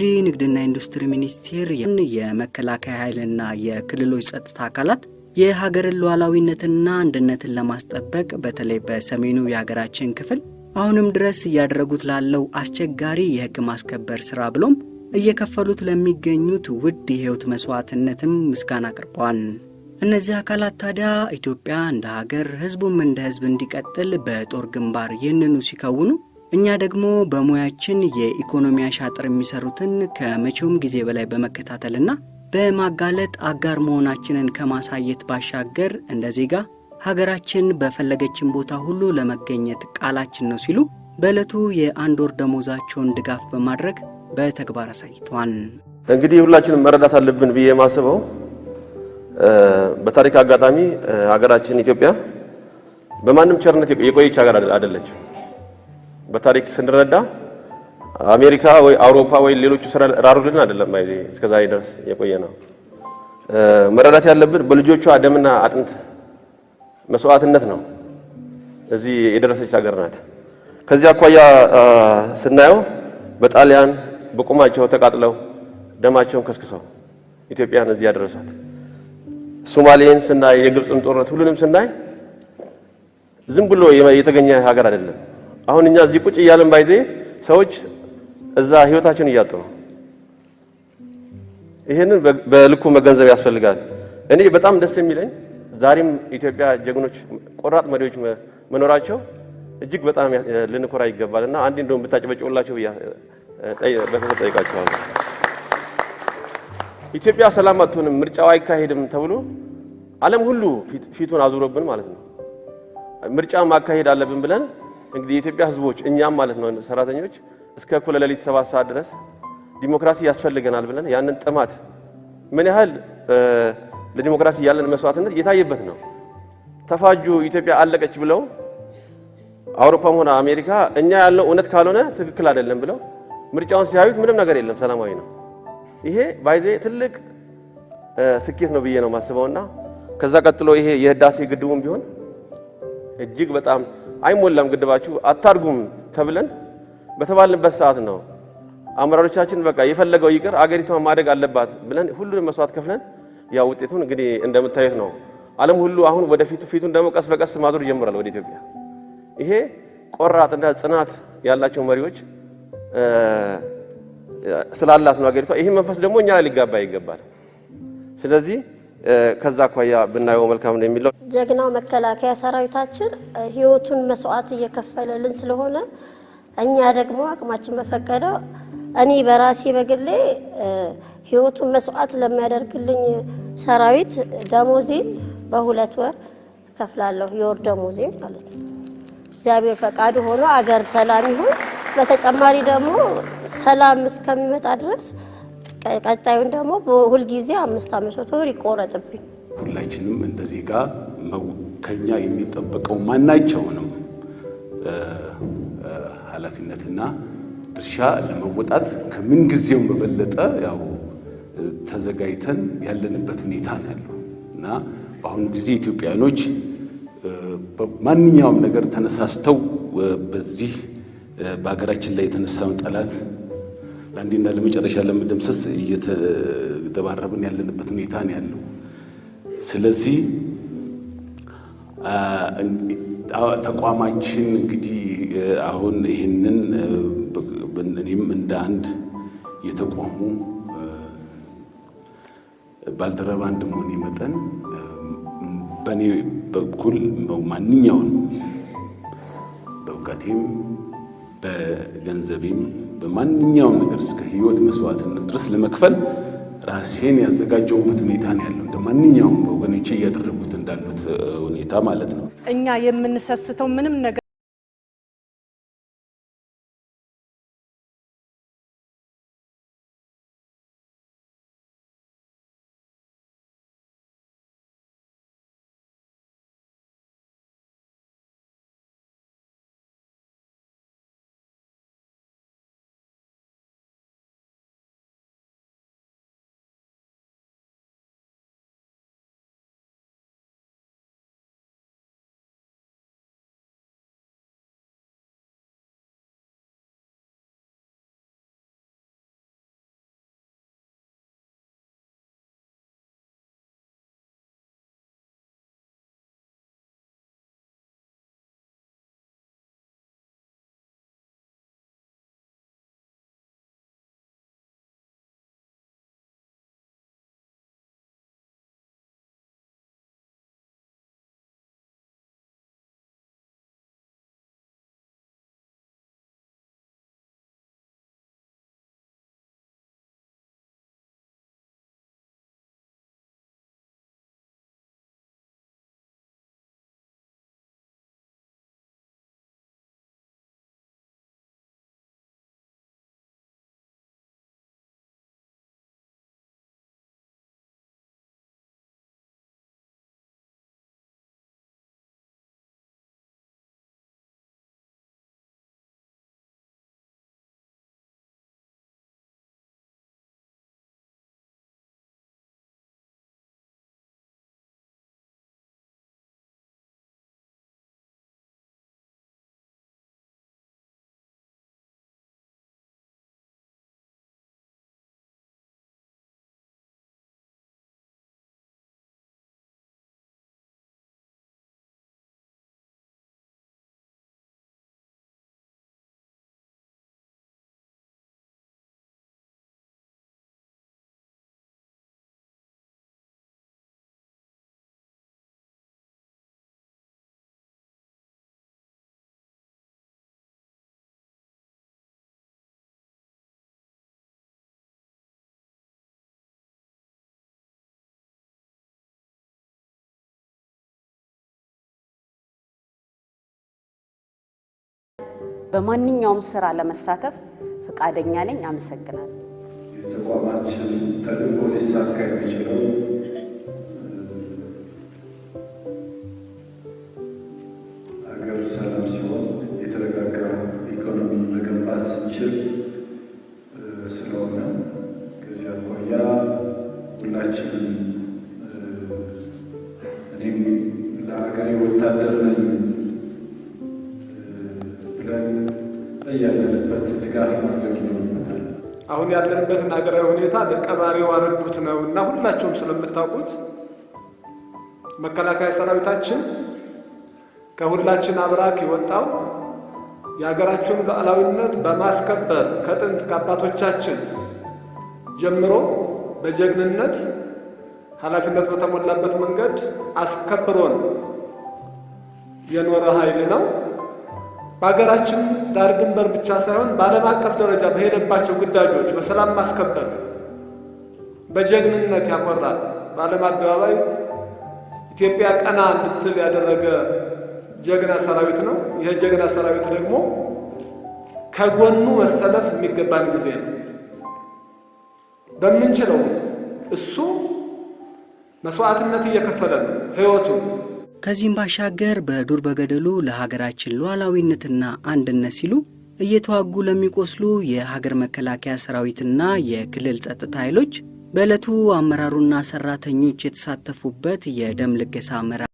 የኢፌዴሪ ንግድና ኢንዱስትሪ ሚኒስቴር የመከላከያ ኃይልና የክልሎች ጸጥታ አካላት የሀገርን ሉዓላዊነትና አንድነትን ለማስጠበቅ በተለይ በሰሜኑ የሀገራችን ክፍል አሁንም ድረስ እያደረጉት ላለው አስቸጋሪ የህግ ማስከበር ስራ ብሎም እየከፈሉት ለሚገኙት ውድ የህይወት መስዋዕትነትም ምስጋና አቅርበዋል። እነዚህ አካላት ታዲያ ኢትዮጵያ እንደ ሀገር፣ ህዝቡም እንደ ህዝብ እንዲቀጥል በጦር ግንባር ይህንኑ ሲከውኑ እኛ ደግሞ በሙያችን የኢኮኖሚ አሻጥር የሚሰሩትን ከመቼውም ጊዜ በላይ በመከታተልና በማጋለጥ አጋር መሆናችንን ከማሳየት ባሻገር እንደዚህ ዜጋ ሀገራችን በፈለገችን ቦታ ሁሉ ለመገኘት ቃላችን ነው ሲሉ በዕለቱ የአንድ ወር ደሞዛቸውን ድጋፍ በማድረግ በተግባር አሳይተዋል። እንግዲህ ሁላችንም መረዳት አለብን ብዬ የማስበው በታሪክ አጋጣሚ ሀገራችን ኢትዮጵያ በማንም ቸርነት የቆየች ሀገር አይደለችም። በታሪክ ስንረዳ አሜሪካ ወይ አውሮፓ ወይ ሌሎቹ ስራሩልን አይደለም። አይ እስከዛ ድረስ የቆየ ነው። መረዳት ያለብን በልጆቿ ደምና አጥንት መስዋዕትነት ነው እዚህ የደረሰች ሀገር ናት። ከዚህ አኳያ ስናየው በጣሊያን በቁማቸው ተቃጥለው ደማቸውን ከስክሰው ኢትዮጵያን እዚህ ያደረሷት። ሶማሌን ስናይ የግብፅን ጦርነት ሁሉንም ስናይ ዝም ብሎ የተገኘ ሀገር አይደለም። አሁን እኛ እዚህ ቁጭ እያለን ባይዜ ሰዎች እዛ ህይወታቸውን እያጡ ነው። ይህንን በልኩ መገንዘብ ያስፈልጋል። እኔ በጣም ደስ የሚለኝ ዛሬም ኢትዮጵያ ጀግኖች ቆራጥ መሪዎች መኖራቸው እጅግ በጣም ልንኮራ ይገባል እና አንዴ እንደውም ብታጨበጭቡላቸው በክብር ጠይቃቸዋለሁ። ኢትዮጵያ ሰላም አትሆንም፣ ምርጫው አይካሄድም ተብሎ ዓለም ሁሉ ፊቱን አዙሮብን ማለት ነው። ምርጫ ማካሄድ አለብን ብለን እንግዲህ የኢትዮጵያ ህዝቦች እኛም ማለት ነው ሰራተኞች እስከ እኩለ ሌሊት ሰባት ሰዓት ድረስ ዲሞክራሲ ያስፈልገናል ብለን ያንን ጥማት ምን ያህል ለዲሞክራሲ ያለን መስዋዕትነት እየታየበት ነው። ተፋጁ ኢትዮጵያ አለቀች ብለው አውሮፓም ሆነ አሜሪካ እኛ ያለው እውነት ካልሆነ ትክክል አይደለም ብለው ምርጫውን ሲያዩት ምንም ነገር የለም፣ ሰላማዊ ነው። ይሄ ባይዜ ትልቅ ስኬት ነው ብዬ ነው የማስበውና ከዛ ቀጥሎ ይሄ የህዳሴ ግድቡም ቢሆን እጅግ በጣም አይሞላም ግድባችሁ አታድጉም ተብለን በተባልንበት ሰዓት ነው አመራሮቻችን በቃ የፈለገው ይቅር አገሪቷን ማደግ አለባት ብለን ሁሉንም መስዋዕት ከፍለን ያ ውጤቱን እንግዲህ እንደምታዩት ነው። ዓለም ሁሉ አሁን ወደፊቱ ፊቱን ደግሞ ቀስ በቀስ ማዞር ጀምሯል ወደ ኢትዮጵያ። ይሄ ቆራጥና ጽናት ያላቸው መሪዎች ስላላት ነው አገሪቷ። ይህ መንፈስ ደግሞ እኛ ላይ ሊጋባ ይገባል። ስለዚህ ከዛ አኳያ ብናየው መልካም ነው የሚለው ጀግናው መከላከያ ሰራዊታችን ህይወቱን መስዋዕት እየከፈለልን ስለሆነ እኛ ደግሞ አቅማችን በፈቀደው እኔ በራሴ በግሌ ህይወቱን መስዋዕት ለሚያደርግልኝ ሰራዊት ደሞዜን በሁለት ወር ከፍላለሁ። የወር ደሞዜ ማለት ነው። እግዚአብሔር ፈቃዱ ሆኖ አገር ሰላም ይሁን። በተጨማሪ ደግሞ ሰላም እስከሚመጣ ድረስ ቀጣዩን ደግሞ ሁልጊዜ አምስት አምስት መቶ ብር ይቆረጥብኝ። ሁላችንም እንደዚህ ጋር ከኛ የሚጠበቀው ማናቸውንም ኃላፊነትና ድርሻ ለመወጣት ከምንጊዜውም በበለጠ ያው ተዘጋጅተን ያለንበት ሁኔታ ነው ያለው እና በአሁኑ ጊዜ ኢትዮጵያኖች ማንኛውም ነገር ተነሳስተው በዚህ በሀገራችን ላይ የተነሳውን ጠላት ለአንዴና ለመጨረሻ ለመደምሰስ እየተደባረብን ያለንበት ሁኔታ ነው ያለው። ስለዚህ ተቋማችን እንግዲህ አሁን ይህንን እኔም እንደ አንድ የተቋሙ ባልደረባ እንደመሆኔ መጠን በእኔ በኩል ማንኛውን በእውቀቴም በገንዘቤም በማንኛውም ነገር እስከ ህይወት መስዋዕትነት ድረስ ለመክፈል ራሴን ያዘጋጀውበት ሁኔታ ነው ያለው። እንደ ማንኛውም ወገኖቼ እያደረጉት እንዳሉት ሁኔታ ማለት ነው። እኛ የምንሰስተው ምንም ነገር በማንኛውም ስራ ለመሳተፍ ፈቃደኛ ነኝ። አመሰግናለሁ። የተቋማችን ተልእኮ ሊሳካ የሚችለው ሀገር ሰላም ሲሆን የተረጋጋ ኢኮኖሚ መገንባት ስንችል ስለሆነ ከዚያ አኳያ ሁላችንም እኔም ለሀገሬ ወታደር ነኝ አሁን ያለንበትን ሀገራዊ ሁኔታ ለቀባሪው አረዱት ነው እና ሁላችሁም ስለምታውቁት መከላከያ ሰራዊታችን ከሁላችን አብራክ የወጣው የሀገራችሁን ሉዓላዊነት በማስከበር ከጥንት ከአባቶቻችን ጀምሮ በጀግንነት ኃላፊነት በተሞላበት መንገድ አስከብሮን የኖረ ኃይል ነው። በሀገራችን ዳር ድንበር ብቻ ሳይሆን በዓለም አቀፍ ደረጃ በሄደባቸው ግዳጆች በሰላም ማስከበር በጀግንነት ያኮራል። በዓለም አደባባይ ኢትዮጵያ ቀና እንድትል ያደረገ ጀግና ሰራዊት ነው። ይህ ጀግና ሰራዊት ደግሞ ከጎኑ መሰለፍ የሚገባን ጊዜ ነው። በምንችለው እሱ መስዋዕትነት እየከፈለ ነው ህይወቱ ከዚህም ባሻገር በዱር በገደሉ ለሀገራችን ሉዓላዊነትና አንድነት ሲሉ እየተዋጉ ለሚቆስሉ የሀገር መከላከያ ሰራዊትና የክልል ጸጥታ ኃይሎች በዕለቱ አመራሩና ሰራተኞች የተሳተፉበት የደም ልገሳ መራ።